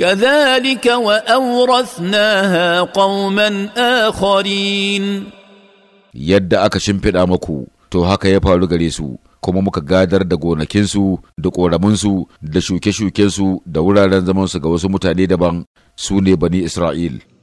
wa كذلك وأورثناها قوما akorin. yadda aka shimfiɗa maku to haka ya faru gare su kuma muka gadar da gonakinsu da ƙoraminsu da shuke-shukensu da wuraren zamansu ga wasu mutane daban su ne bani Isra'il.